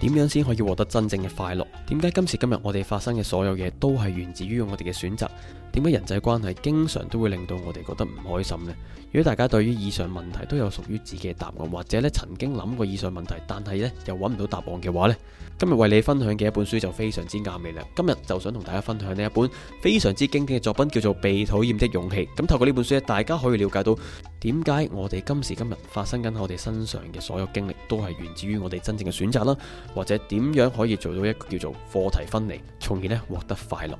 點樣先可以獲得真正嘅快樂？點解今時今日我哋發生嘅所有嘢都係源自於我哋嘅選擇？點解人際關係經常都會令到我哋覺得唔開心呢？如果大家對於以上問題都有屬於自己嘅答案，或者咧曾經諗過以上問題，但係咧又搵唔到答案嘅話呢，今日為你分享嘅一本書就非常之啱你啦！今日就想同大家分享呢一本非常之經典嘅作品，叫做《被討厭的勇氣》。咁透過呢本書咧，大家可以了解到點解我哋今時今日發生緊喺我哋身上嘅所有經歷，都係源自於我哋真正嘅選擇啦，或者點樣可以做到一個叫做課題分離，從而咧獲得快樂。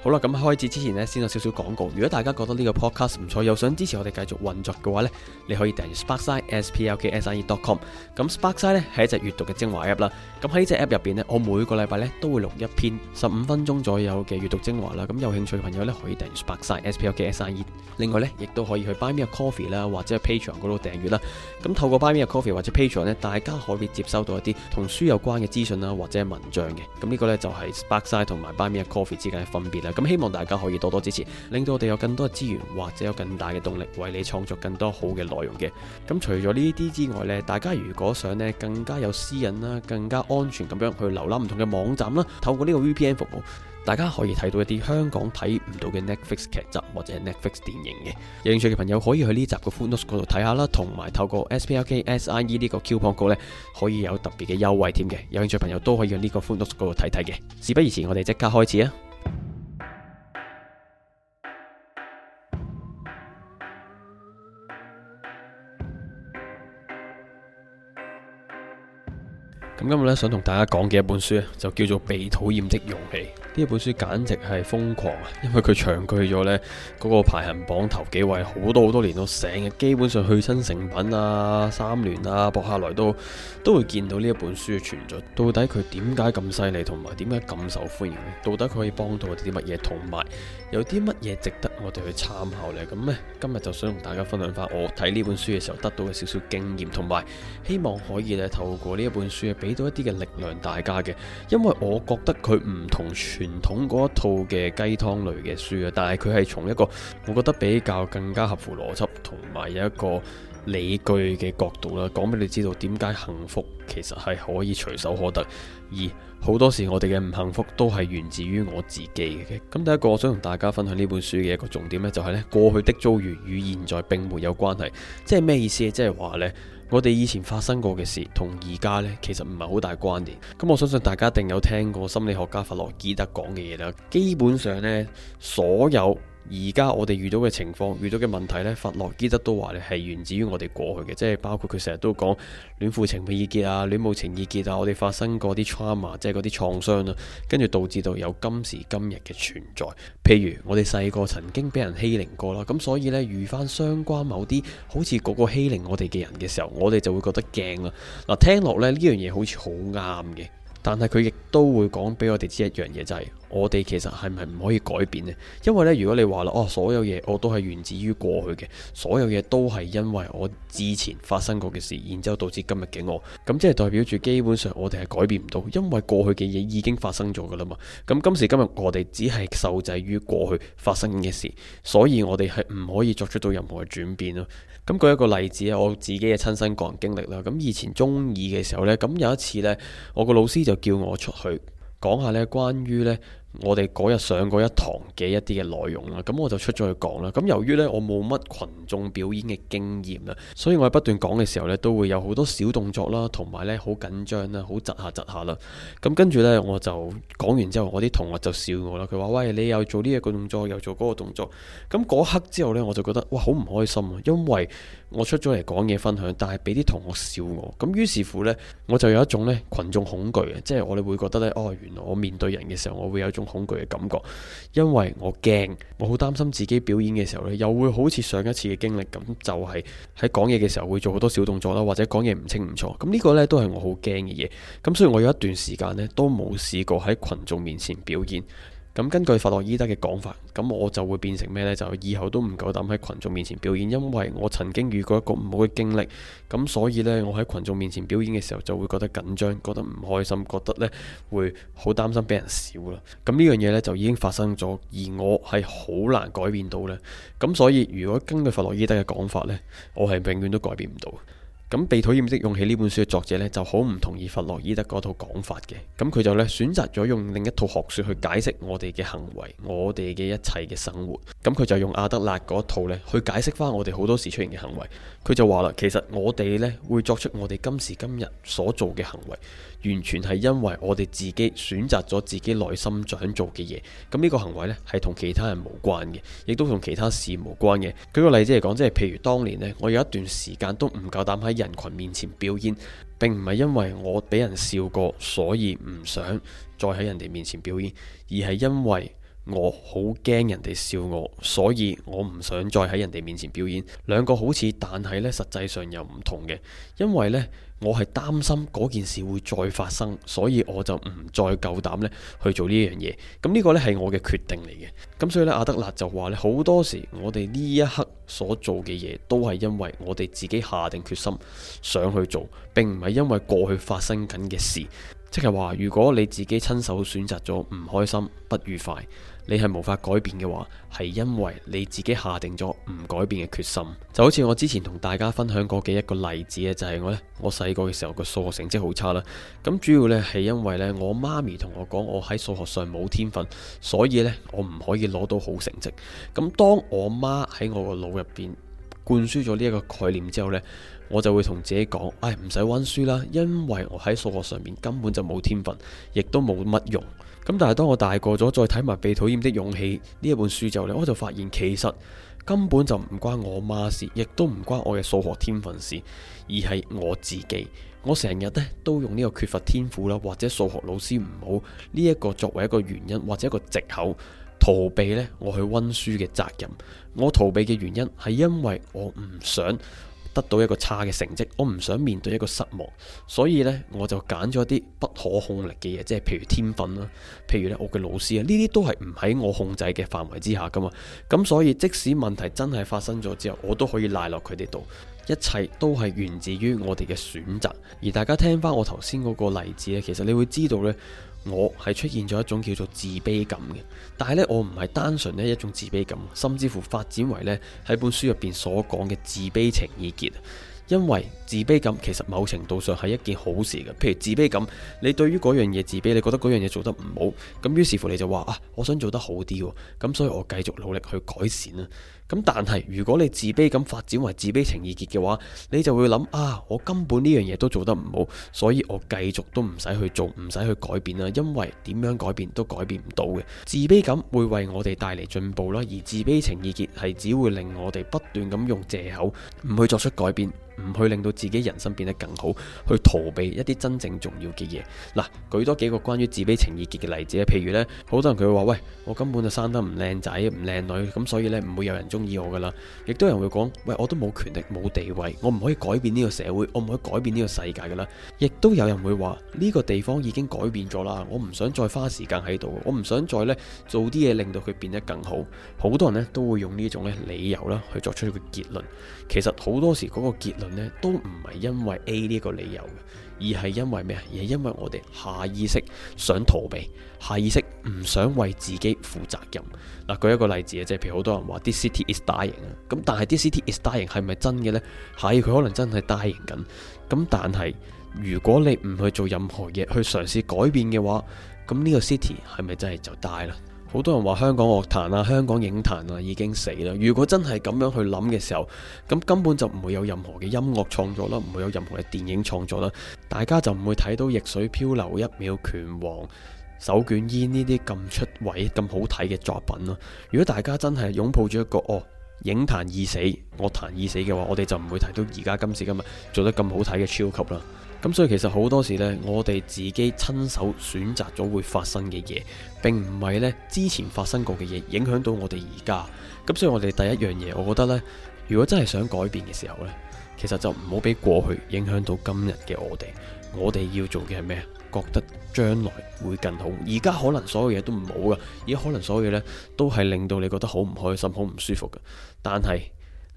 好啦，咁開始之前呢，先有少少廣告。如果大家覺得呢個 podcast 唔錯，又想支持我哋繼續運作嘅話呢，你可以訂閱 sparkside.splkside.com。咁、e. sparkside 呢係一隻閱讀嘅精華 App 啦。咁喺呢隻 App 入邊呢，我每個禮拜呢都會錄一篇十五分鐘左右嘅閱讀精華啦。咁有興趣嘅朋友呢，可以訂閱 sparkside.splkside SP。L K S I e. 另外呢，亦都可以去 Buy Me A Coffee 啦，ee, 或者係 Patreon 度訂閱啦。咁透過 Buy Me A Coffee 或者 Patreon 呢，大家可以接收到一啲同書有關嘅資訊啦，或者係文章嘅。咁呢個呢，就係、是、Sparkside 同埋 Buy Me A Coffee 之間嘅分別啦。咁希望大家可以多多支持，令到我哋有更多嘅資源，或者有更大嘅動力，為你創作更多好嘅內容嘅。咁除咗呢啲之外咧，大家如果想咧更加有私隱啦，更加安全咁樣去瀏覽唔同嘅網站啦，透過呢個 VPN 服務，大家可以睇到一啲香港睇唔到嘅 Netflix 劇集或者係 Netflix 電影嘅。有興趣嘅朋友可以去呢集嘅 Footnote 嗰度睇下啦，同埋透過 S P L K S I E 呢個 coupon code 咧可以有特別嘅優惠添嘅。有興趣朋友都可以去呢個 Footnote 嗰度睇睇嘅。事不宜遲，我哋即刻開始啊！咁今日咧想同大家講嘅一本書就叫做《被討厭的勇氣》呢一本書簡直係瘋狂啊！因為佢長居咗呢嗰個排行榜頭幾位好多好多年都成嘅，基本上去親誠品啊、三聯啊、博客來都都會見到呢一本書嘅存在。到底佢點解咁犀利，同埋點解咁受歡迎？到底佢可以幫到我哋啲乜嘢？同埋有啲乜嘢值得我哋去參考呢？咁呢，今日就想同大家分享翻，我睇呢本書嘅時候得到嘅少少經驗，同埋希望可以咧透過呢一本書俾到一啲嘅力量大家嘅，因為我覺得佢唔同傳統嗰一套嘅雞湯類嘅書啊，但係佢係從一個我覺得比較更加合乎邏輯同埋有一個理據嘅角度啦，講俾你知道點解幸福其實係可以隨手可得，而好多時我哋嘅唔幸福都係源自於我自己嘅。咁第一個我想同大家分享呢本書嘅一個重點咧，就係咧過去的遭遇與現在並沒有關係，即係咩意思啊？即係話咧。我哋以前發生過嘅事，同而家呢，其實唔係好大關聯。咁我相信大家一定有聽過心理學家弗洛伊德講嘅嘢啦。基本上呢，所有。而家我哋遇到嘅情況、遇到嘅問題呢，佛洛伊德都話咧係源自於我哋過去嘅，即係包括佢成日都講戀父情意結啊、戀母情意結啊，我哋發生過啲 trauma，即係嗰啲創傷啦、啊，跟住導致到有今時今日嘅存在。譬如我哋細個曾經俾人欺凌過啦，咁所以呢，遇翻相關某啲好似個個欺凌我哋嘅人嘅時候，我哋就會覺得驚啦。嗱，聽落咧呢樣嘢好似好啱嘅，但係佢亦都會講俾我哋知一樣嘢就係、是。我哋其實係咪唔可以改變呢？因為呢，如果你話啦，哦，所有嘢我都係源自於過去嘅，所有嘢都係因為我之前發生過嘅事，然之後導致今日嘅我，咁即係代表住基本上我哋係改變唔到，因為過去嘅嘢已經發生咗噶啦嘛。咁今時今日我哋只係受制於過去發生嘅事，所以我哋係唔可以作出到任何嘅轉變咯。咁舉一個例子啊，我自己嘅親身個人經歷啦。咁以前中二嘅時候呢，咁有一次呢，我個老師就叫我出去。講下呢關於呢，我哋嗰日上嗰一堂嘅一啲嘅內容啦，咁我就出咗去講啦。咁由於呢，我冇乜群眾表演嘅經驗啦，所以我喺不斷講嘅時候呢，都會有好多小動作啦，同埋呢，好緊張啦，好窒下窒下啦。咁跟住呢，我就講完之後，我啲同學就笑我啦。佢話：喂，你又做呢一個動作，又做嗰個動作。咁嗰刻之後呢，我就覺得哇，好唔開心啊，因為。我出咗嚟講嘢分享，但係俾啲同學笑我咁，於是乎呢，我就有一種呢群眾恐懼嘅，即係我哋會覺得呢：「哦，原來我面對人嘅時候，我會有一種恐懼嘅感覺」，因為我驚，我好擔心自己表演嘅時候呢，又會好似上一次嘅經歷咁，就係喺講嘢嘅時候會做好多小動作啦，或者講嘢唔清唔楚。咁呢個呢，都係我好驚嘅嘢。咁所以，我有一段時間呢，都冇試過喺群眾面前表演。咁根據弗洛伊德嘅講法，咁我就會變成咩呢？就以後都唔夠膽喺群眾面前表演，因為我曾經遇過一個唔好嘅經歷，咁所以呢，我喺群眾面前表演嘅時候就會覺得緊張，覺得唔開心，覺得呢會好擔心俾人笑啦。咁呢樣嘢呢，就已經發生咗，而我係好難改變到呢。咁所以如果根據弗洛伊德嘅講法呢，我係永遠都改變唔到。咁被討厭的勇氣呢本書嘅作者呢，就好唔同意弗洛伊德嗰套講法嘅，咁佢就呢選擇咗用另一套學說去解釋我哋嘅行為，我哋嘅一切嘅生活，咁佢就用阿德勒嗰一套呢去解釋翻我哋好多時出現嘅行為，佢就話啦，其實我哋呢會作出我哋今時今日所做嘅行為。完全係因為我哋自己選擇咗自己內心想做嘅嘢，咁呢個行為呢，係同其他人無關嘅，亦都同其他事無關嘅。舉個例子嚟講，即係譬如當年呢，我有一段時間都唔夠膽喺人群面前表演，並唔係因為我俾人笑過，所以唔想再喺人哋面前表演，而係因為，我好驚人哋笑我，所以我唔想再喺人哋面前表演兩個好似，但係呢實際上又唔同嘅。因為呢，我係擔心嗰件事會再發生，所以我就唔再夠膽呢去做呢樣嘢。咁、嗯、呢、呢個呢係我嘅決定嚟嘅。咁、嗯、所以呢，阿德勒就話呢，好多時我哋呢一刻所做嘅嘢都係因為我哋自己下定決心想去做，並唔係因為過去發生緊嘅事。即係話，如果你自己親手選擇咗唔開心、不愉快。你係無法改變嘅話，係因為你自己下定咗唔改變嘅決心。就好似我之前同大家分享過嘅一個例子嘅，就係我呢，我細個嘅時候個數學成績好差啦。咁主要呢，係因為呢，我媽咪同我講，我喺數學上冇天分，所以呢，我唔可以攞到好成績。咁當我媽喺我個腦入邊灌輸咗呢一個概念之後呢，我就會同自己講，唉，唔使溫書啦，因為我喺數學上面根本就冇天分，亦都冇乜用。咁但係當我大個咗，再睇埋被討厭的勇氣呢一本書之後呢，我就發現其實根本就唔關我媽事，亦都唔關我嘅數學天分事，而係我自己。我成日呢都用呢個缺乏天賦啦，或者數學老師唔好呢一個作為一個原因或者一個借口，逃避呢我去溫書嘅責任。我逃避嘅原因係因為我唔想。得到一個差嘅成績，我唔想面對一個失望，所以呢，我就揀咗啲不可控力嘅嘢，即係譬如天分啦，譬如咧我嘅老師啊，呢啲都係唔喺我控制嘅範圍之下噶嘛，咁所以即使問題真係發生咗之後，我都可以賴落佢哋度，一切都係源自於我哋嘅選擇。而大家聽翻我頭先嗰個例子咧，其實你會知道呢。我係出現咗一種叫做自卑感嘅，但係咧我唔係單純咧一種自卑感，甚至乎發展為咧喺本書入邊所講嘅自卑情意結。因為自卑感其實某程度上係一件好事嘅，譬如自卑感，你對於嗰樣嘢自卑，你覺得嗰樣嘢做得唔好，咁於是乎你就話啊，我想做得好啲，咁所以我繼續努力去改善啦。咁但係如果你自卑感發展為自卑情意結嘅話，你就會諗啊，我根本呢樣嘢都做得唔好，所以我繼續都唔使去做，唔使去改變啦，因為點樣改變都改變唔到嘅。自卑感會為我哋帶嚟進步啦，而自卑情意結係只會令我哋不斷咁用借口，唔去作出改變，唔去令到自己人生變得更好，去逃避一啲真正重要嘅嘢。嗱，舉多幾個關於自卑情意結嘅例子。譬如呢，好多人佢會話：喂，我根本就生得唔靚仔唔靚女，咁所以呢，唔會有人中意我噶啦。亦都有人會講：喂，我都冇權力冇地位，我唔可以改變呢個社會，我唔可以改變呢個世界噶啦。亦都有人會話：呢個地方已經改變咗啦，我唔想再花時間喺度，我唔想再呢做啲嘢令到佢變得更好。好多人呢，都會用呢種呢理由啦去作出一個結論。其實好多時嗰個結論。都唔係因為 A 呢個理由嘅，而係因為咩啊？而係因為我哋下意識想逃避，下意識唔想為自己負責任。嗱，舉一個例子啊，即係譬如好多人話啲 city is dying 啊，咁但係啲 city is dying 係咪真嘅呢？下意佢可能真係 dying 緊，咁但係如果你唔去做任何嘢去嘗試改變嘅話，咁呢個 city 係咪真係就 die 啦？好多人話香港樂壇啊、香港影壇啊已經死啦。如果真係咁樣去諗嘅時候，咁根本就唔會有任何嘅音樂創作啦，唔會有任何嘅電影創作啦。大家就唔會睇到《逆水漂流》、《一秒拳王》、《手捲煙》呢啲咁出位、咁好睇嘅作品咯。如果大家真係擁抱住一個哦，影壇已死、樂壇已死嘅話，我哋就唔會睇到而家今時今日做得咁好睇嘅超級啦。咁所以其實好多時呢，我哋自己親手選擇咗會發生嘅嘢，並唔係呢之前發生過嘅嘢影響到我哋而家。咁所以我哋第一樣嘢，我覺得呢，如果真係想改變嘅時候呢，其實就唔好俾過去影響到今日嘅我哋。我哋要做嘅係咩？覺得將來會更好。而家可能所有嘢都唔好噶，而家可能所有嘢呢，都係令到你覺得好唔開心、好唔舒服噶。但係。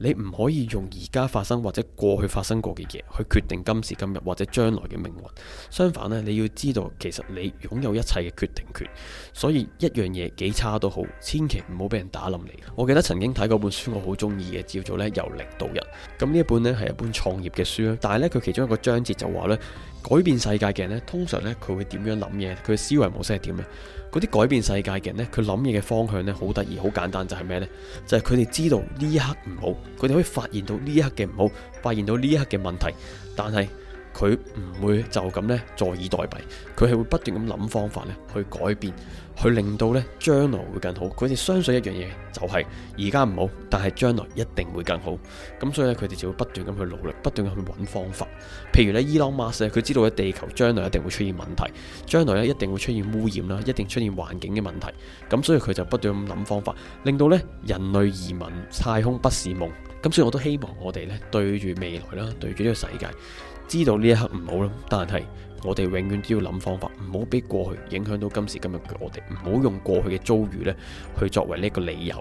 你唔可以用而家發生或者過去發生過嘅嘢去決定今時今日或者將來嘅命運，相反咧，你要知道其實你擁有一切嘅決定權。所以一樣嘢幾差都好，千祈唔好俾人打冧你。我記得曾經睇過本書我，我好中意嘅叫做咧由零到一。咁呢一本呢係一本創業嘅書啦，但係咧佢其中一個章節就話咧。改變世界嘅人呢，通常呢，佢會點樣諗嘢？佢嘅思維模式係點咧？嗰啲改變世界嘅人呢，佢諗嘢嘅方向呢，好得意，好簡單，就係咩呢？就係佢哋知道呢一刻唔好，佢哋可以發現到呢一刻嘅唔好，發現到呢一刻嘅問題，但係。佢唔會就咁咧坐以待斃，佢係會不斷咁諗方法咧去改變，去令到咧將來會更好。佢哋相信一樣嘢就係而家唔好，但係將來一定會更好。咁所以咧，佢哋就會不斷咁去努力，不斷咁去搵方法。譬如咧 Elon Musk 佢知道咧地球將來一定會出現問題，將來咧一定會出現污染啦，一定出現環境嘅問題。咁所以佢就不斷咁諗方法，令到咧人類移民太空不是夢。咁所以我都希望我哋咧對住未來啦，對住呢個世界。知道呢一刻唔好啦，但係我哋永遠都要諗方法，唔好俾過去影響到今時今日嘅我哋，唔好用過去嘅遭遇咧去作為呢一個理由。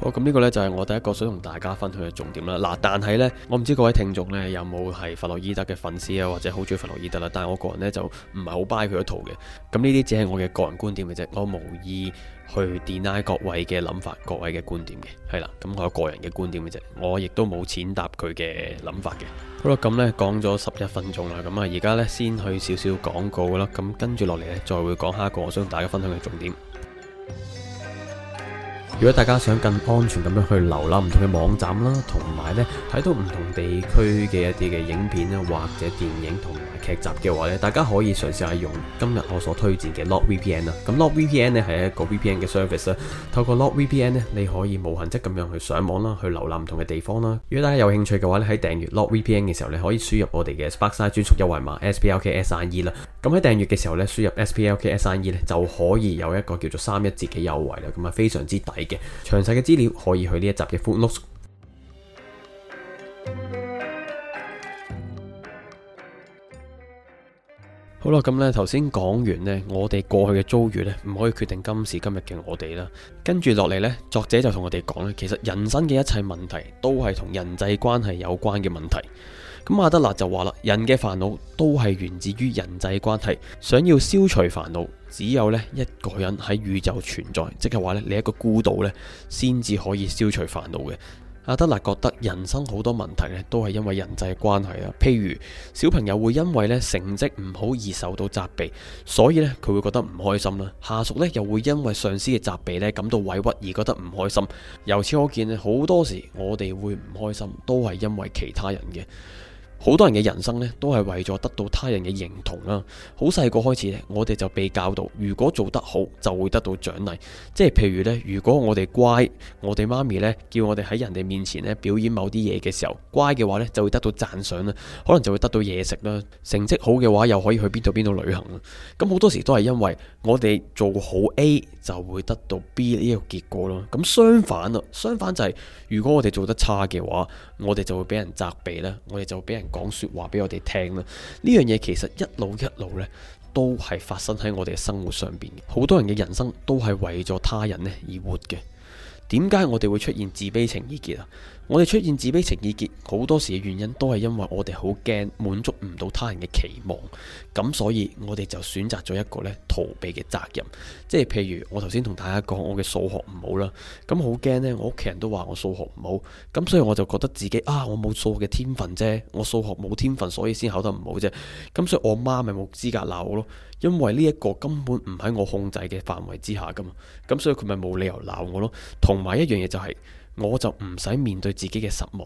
好，咁呢個呢，就係我第一個想同大家分享嘅重點啦。嗱，但係呢，我唔知各位聽眾咧有冇係弗洛伊德嘅粉絲啊，或者好中意弗洛伊德啦，但係我個人呢，就唔係好掰佢一套嘅。咁呢啲只係我嘅個人觀點嘅啫，我無意。去 deny 各位嘅諗法，各位嘅觀點嘅，係啦，咁我個人嘅觀點嘅啫，我亦都冇踐踏佢嘅諗法嘅。好啦，咁呢講咗十一分鐘啦，咁啊而家呢先去少少廣告啦，咁跟住落嚟呢，再會講下一個我想大家分享嘅重點。如果大家想更安全咁樣去瀏覽唔同嘅網站啦，同埋呢睇到唔同地區嘅一啲嘅影片啊，或者電影同。劇集嘅話咧，大家可以嘗試下用今日我所推薦嘅 Lock VPN 啦。咁 Lock VPN 咧係一個 VPN 嘅 service 啦。透過 Lock VPN 咧，你可以無限制咁樣去上網啦，去瀏覽唔同嘅地方啦。如果大家有興趣嘅話咧，喺訂閱 Lock VPN 嘅時候咧，可以輸入我哋嘅 Sparkside 專屬優惠碼 SPLKSIE 啦。咁喺訂閱嘅時候咧，輸入 SPLKSIE 咧就可以有一個叫做三一折嘅優惠啦。咁啊非常之抵嘅。詳細嘅資料可以去呢一集嘅好啦，咁咧頭先講完呢，我哋過去嘅遭遇呢，唔可以決定今時今日嘅我哋啦。跟住落嚟呢，作者就同我哋講呢，其實人生嘅一切問題都係同人際關係有關嘅問題。咁阿德勒就話啦，人嘅煩惱都係源自於人際關係，想要消除煩惱，只有呢一個人喺宇宙存在，即係話呢，你一個孤島呢，先至可以消除煩惱嘅。阿德勒覺得人生好多問題咧，都係因為人際關係啦。譬如小朋友會因為咧成績唔好而受到責備，所以咧佢會覺得唔開心啦。下屬咧又會因為上司嘅責備咧感到委屈而覺得唔開心。由此可見，好多時我哋會唔開心都係因為其他人嘅。好多人嘅人生呢，都係為咗得到他人嘅認同啦。好細個開始呢，我哋就被教導，如果做得好就會得到獎勵。即係譬如呢，如果我哋乖，我哋媽咪呢，叫我哋喺人哋面前呢，表演某啲嘢嘅時候，乖嘅話呢，就會得到讚賞啦，可能就會得到嘢食啦。成績好嘅話又可以去邊度邊度旅行啦。咁好多時都係因為我哋做好 A 就會得到 B 呢個結果咯。咁相反啊，相反就係如果我哋做得差嘅話，我哋就會俾人責備啦，我哋就會俾人。講說話俾我哋聽啦，呢樣嘢其實一路一路呢都係發生喺我哋嘅生活上面。好多人嘅人生都係為咗他人呢而活嘅。點解我哋會出現自卑情意結啊？我哋出現自卑情意結，好多時嘅原因都係因為我哋好驚滿足唔到他人嘅期望，咁所以我哋就選擇咗一個咧逃避嘅責任，即係譬如我頭先同大家講，我嘅數學唔好啦，咁好驚呢，我屋企人都話我數學唔好，咁所以我就覺得自己啊，我冇數學嘅天分啫，我數學冇天分，所以先考得唔好啫，咁所以我媽咪冇資格鬧我咯，因為呢一個根本唔喺我控制嘅範圍之下噶嘛，咁所以佢咪冇理由鬧我咯，同埋一樣嘢就係。我就唔使面對自己嘅失望。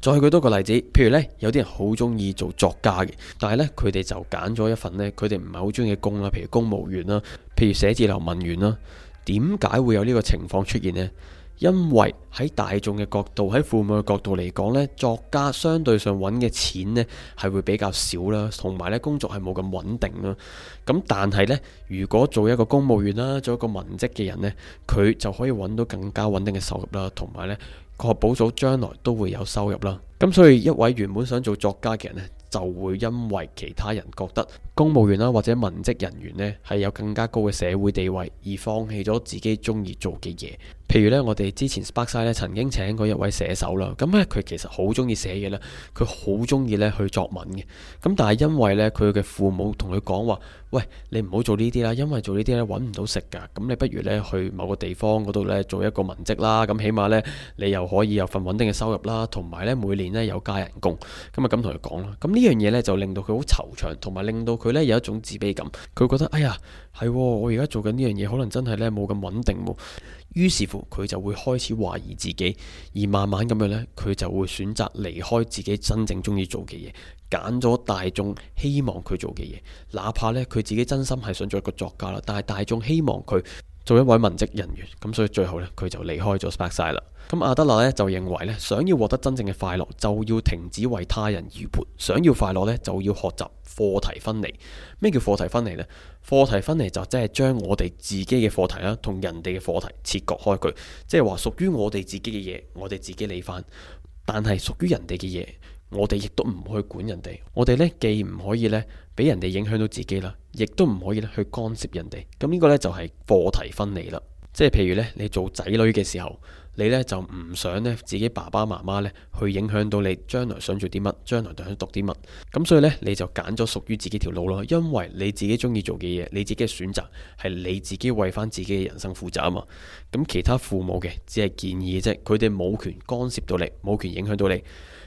再舉多個例子，譬如呢：有啲人好中意做作家嘅，但係呢，佢哋就揀咗一份呢，佢哋唔係好中意嘅工啦，譬如公務員啦，譬如寫字樓文員啦。點解會有呢個情況出現呢？因為喺大眾嘅角度，喺父母嘅角度嚟講呢，作家相對上揾嘅錢呢係會比較少啦，同埋呢工作係冇咁穩定啦。咁但係呢，如果做一個公務員啦，做一個文職嘅人呢，佢就可以揾到更加穩定嘅收入啦，同埋呢確保咗將來都會有收入啦。咁所以一位原本想做作家嘅人呢，就會因為其他人覺得公務員啦或者文職人員呢，係有更加高嘅社會地位，而放棄咗自己中意做嘅嘢。譬如咧，我哋之前 Sparkside 咧曾經請過一位寫手啦。咁咧，佢其實好中意寫嘢啦，佢好中意咧去作文嘅。咁但係因為咧，佢嘅父母同佢講話：喂，你唔好做呢啲啦，因為做呢啲咧揾唔到食㗎。咁你不如咧去某個地方嗰度咧做一個文職啦。咁起碼咧，你又可以有份穩定嘅收入啦，同埋咧每年咧有加人工。咁啊咁同佢講啦。咁呢樣嘢咧就令到佢好惆悵，同埋令到佢咧有一種自卑感。佢覺得：哎呀，係、哦，我而家做緊呢樣嘢，可能真係咧冇咁穩定。於是乎，佢就會開始懷疑自己，而慢慢咁樣呢，佢就會選擇離開自己真正中意做嘅嘢，揀咗大眾希望佢做嘅嘢，哪怕呢，佢自己真心係想做一個作家啦，但係大眾希望佢。做一位文職人員，咁所以最後呢，佢就離開咗 Spacile 啦。咁阿德勒呢，就認為呢，想要獲得真正嘅快樂，就要停止為他人而活；想要快樂呢，就要學習課題分離。咩叫課題分離呢？課題分離就即係將我哋自己嘅課題啦，同人哋嘅課題切割開佢。即係話屬於我哋自己嘅嘢，我哋自己理翻；但係屬於人哋嘅嘢。我哋亦都唔去管人哋，我哋咧既唔可以咧俾人哋影響到自己啦，亦都唔可以咧去干涉人哋。咁呢個咧就係課題分離啦。即係譬如咧，你做仔女嘅時候，你咧就唔想咧自己爸爸媽媽咧去影響到你將來想做啲乜，將來想讀啲乜。咁所以咧，你就揀咗屬於自己條路咯。因為你自己中意做嘅嘢，你自己嘅選擇係你自己為翻自己嘅人生負責啊嘛。咁其他父母嘅只係建議啫，佢哋冇權干涉到你，冇權影響到你。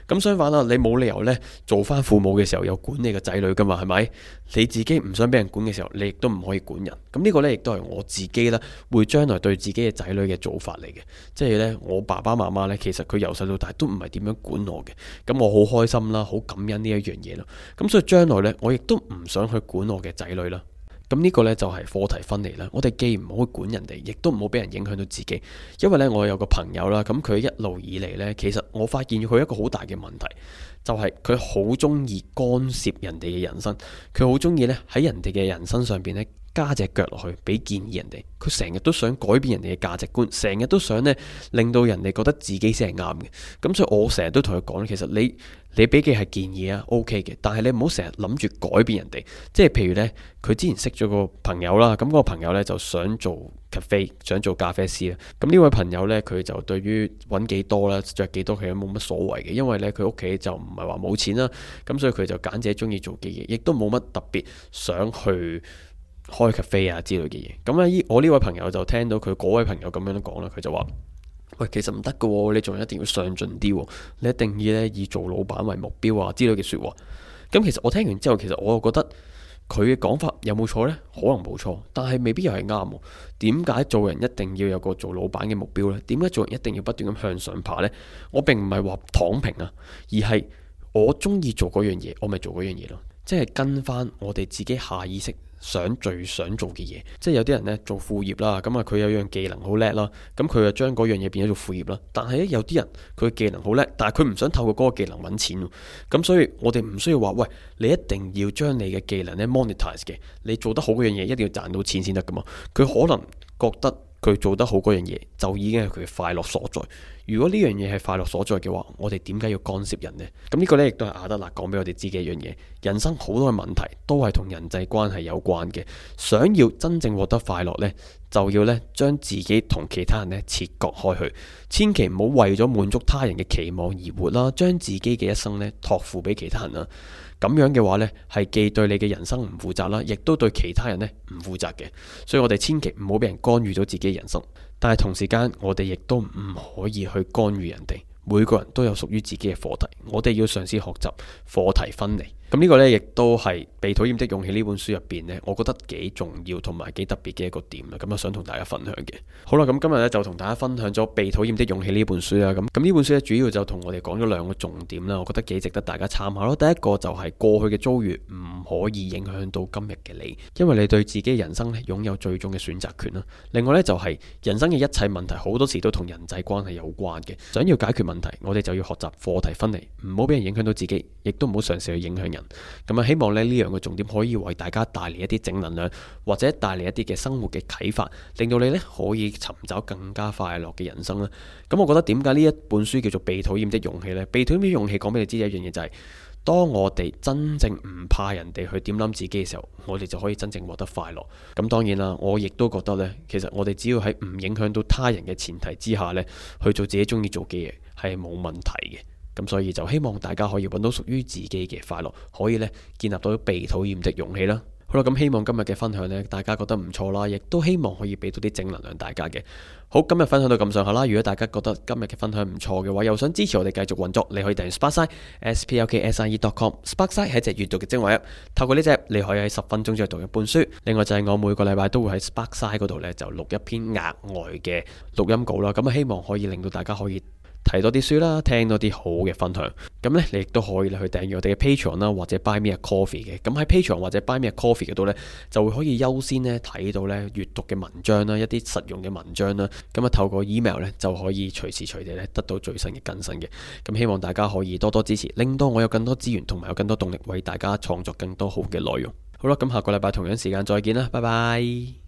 咁相反啦，你冇理由呢做翻父母嘅時候有管你個仔女噶嘛，係咪？你自己唔想俾人管嘅時候，你亦都唔可以管人。咁呢個呢，亦都係我自己啦，會將來對自己嘅仔女嘅做法嚟嘅。即係呢，我爸爸媽媽呢，其實佢由細到大都唔係點樣管我嘅。咁我好開心啦，好感恩呢一樣嘢咯。咁所以將來呢，我亦都唔想去管我嘅仔女啦。咁呢個呢，就係課題分離啦。我哋既唔好管人哋，亦都唔好俾人影響到自己。因為呢，我有個朋友啦，咁佢一路以嚟呢，其實我發現佢一個好大嘅問題，就係佢好中意干涉人哋嘅人生，佢好中意呢，喺人哋嘅人生上邊呢，加隻腳落去，俾建議人哋。佢成日都想改變人哋嘅價值觀，成日都想咧令到人哋覺得自己先係啱嘅。咁所以我成日都同佢講，其實你你俾嘅係建議啊，OK 嘅。但係你唔好成日諗住改變人哋。即係譬如呢，佢之前識咗個朋友啦，咁嗰個朋友呢就想做咖啡，想做咖啡師啦。咁呢位朋友呢，佢就對於揾幾多啦，着幾多其實冇乜所謂嘅，因為呢，佢屋企就唔係話冇錢啦。咁所以佢就揀自己中意做嘅嘢，亦都冇乜特別想去。開咖啡啊之類嘅嘢，咁啊依我呢位朋友就聽到佢嗰位朋友咁樣講啦，佢就話：喂，其實唔得噶，你仲一定要上進啲，你一定要咧以做老闆為目標啊之類嘅說話。咁其實我聽完之後，其實我又覺得佢嘅講法有冇錯呢？可能冇錯，但係未必又係啱。點解做人一定要有個做老闆嘅目標呢？點解做人一定要不斷咁向上爬呢？我並唔係話躺平啊，而係我中意做嗰樣嘢，我咪做嗰樣嘢咯。即係跟翻我哋自己下意識。想最想做嘅嘢，即係有啲人呢做副業啦，咁啊佢有一樣技能好叻啦，咁佢就將嗰樣嘢變咗做副業啦。但係咧有啲人佢嘅技能好叻，但係佢唔想透過嗰個技能搵錢，咁所以我哋唔需要話喂，你一定要將你嘅技能呢 monetize 嘅，你做得好嗰樣嘢一定要賺到錢先得噶嘛。佢可能覺得佢做得好嗰樣嘢就已經係佢嘅快樂所在。如果呢樣嘢係快樂所在嘅話，我哋點解要干涉人呢？咁呢個呢，亦都係阿德勒講俾我哋知嘅一樣嘢。人生好多問題都係同人際關係有關嘅。想要真正獲得快樂呢，就要呢將自己同其他人呢切割開去，千祈唔好為咗滿足他人嘅期望而活啦。將自己嘅一生呢託付俾其他人啊！咁樣嘅話呢，係既對你嘅人生唔負責啦，亦都對其他人呢唔負責嘅。所以我哋千祈唔好俾人干預到自己嘅人生。但係同時間，我哋亦都唔可以去干預人哋。每個人都有屬於自己嘅課題，我哋要嘗試學習課題分離。咁呢個呢，亦都係《被討厭的勇氣》呢本書入邊呢，我覺得幾重要同埋幾特別嘅一個點啦。咁啊，想同大家分享嘅。好啦，咁今日呢，就同大家分享咗《被討厭的勇氣》呢本書啦。咁咁呢本書呢，主要就同我哋講咗兩個重點啦。我覺得幾值得大家參考咯。第一個就係過去嘅遭遇唔可以影響到今日嘅你，因為你對自己人生呢擁有最終嘅選擇權啦。另外呢，就係人生嘅一切問題好多時都同人際關係有關嘅。想要解決問題，我哋就要學習課題分離，唔好俾人影響到自己，亦都唔好嘗試去影響人。咁啊，希望咧呢樣嘅重點可以為大家帶嚟一啲正能量，或者帶嚟一啲嘅生活嘅啟發，令到你呢可以尋找更加快樂嘅人生啦。咁、嗯、我覺得點解呢一本書叫做《被討厭的勇氣》呢？《被討厭的勇氣》講俾你知一樣嘢就係、是，當我哋真正唔怕人哋去點諗自己嘅時候，我哋就可以真正獲得快樂。咁、嗯、當然啦，我亦都覺得呢，其實我哋只要喺唔影響到他人嘅前提之下呢，去做自己中意做嘅嘢係冇問題嘅。咁所以就希望大家可以揾到屬於自己嘅快樂，可以呢建立到被討厭的勇氣啦。好啦，咁希望今日嘅分享呢，大家覺得唔錯啦，亦都希望可以俾到啲正能量大家嘅。好，今日分享到咁上下啦。如果大家覺得今日嘅分享唔錯嘅話，又想支持我哋繼續運作，你可以訂閱 Sparkside、S P L K S I E dot com。Sparkside 係一隻閲讀嘅精華，透過呢隻你可以喺十分鐘之內讀一本書。另外就係我每個禮拜都會喺 Sparkside 嗰度呢，就錄一篇額外嘅錄音稿啦。咁希望可以令到大家可以。睇多啲書啦，聽多啲好嘅分享，咁呢，你亦都可以去訂閱我哋嘅 Patreon 啦，或者 Buy Me a Coffee 嘅。咁喺 Patreon 或者 Buy Me a Coffee 嗰度呢，就會可以優先呢睇到呢閱讀嘅文章啦，一啲實用嘅文章啦。咁啊透過 email 呢，就可以隨時隨地呢得到最新嘅更新嘅。咁希望大家可以多多支持，令到我有更多資源同埋有更多動力為大家創作更多好嘅內容。好啦，咁下個禮拜同樣時間再見啦，拜拜。